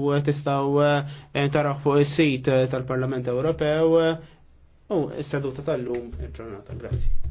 u tistaw eh, taraħ fuq is-sit eh, tal-Parlament Ewropew eh, u s-seduta tal-lum il-ġurnata. Grazzi.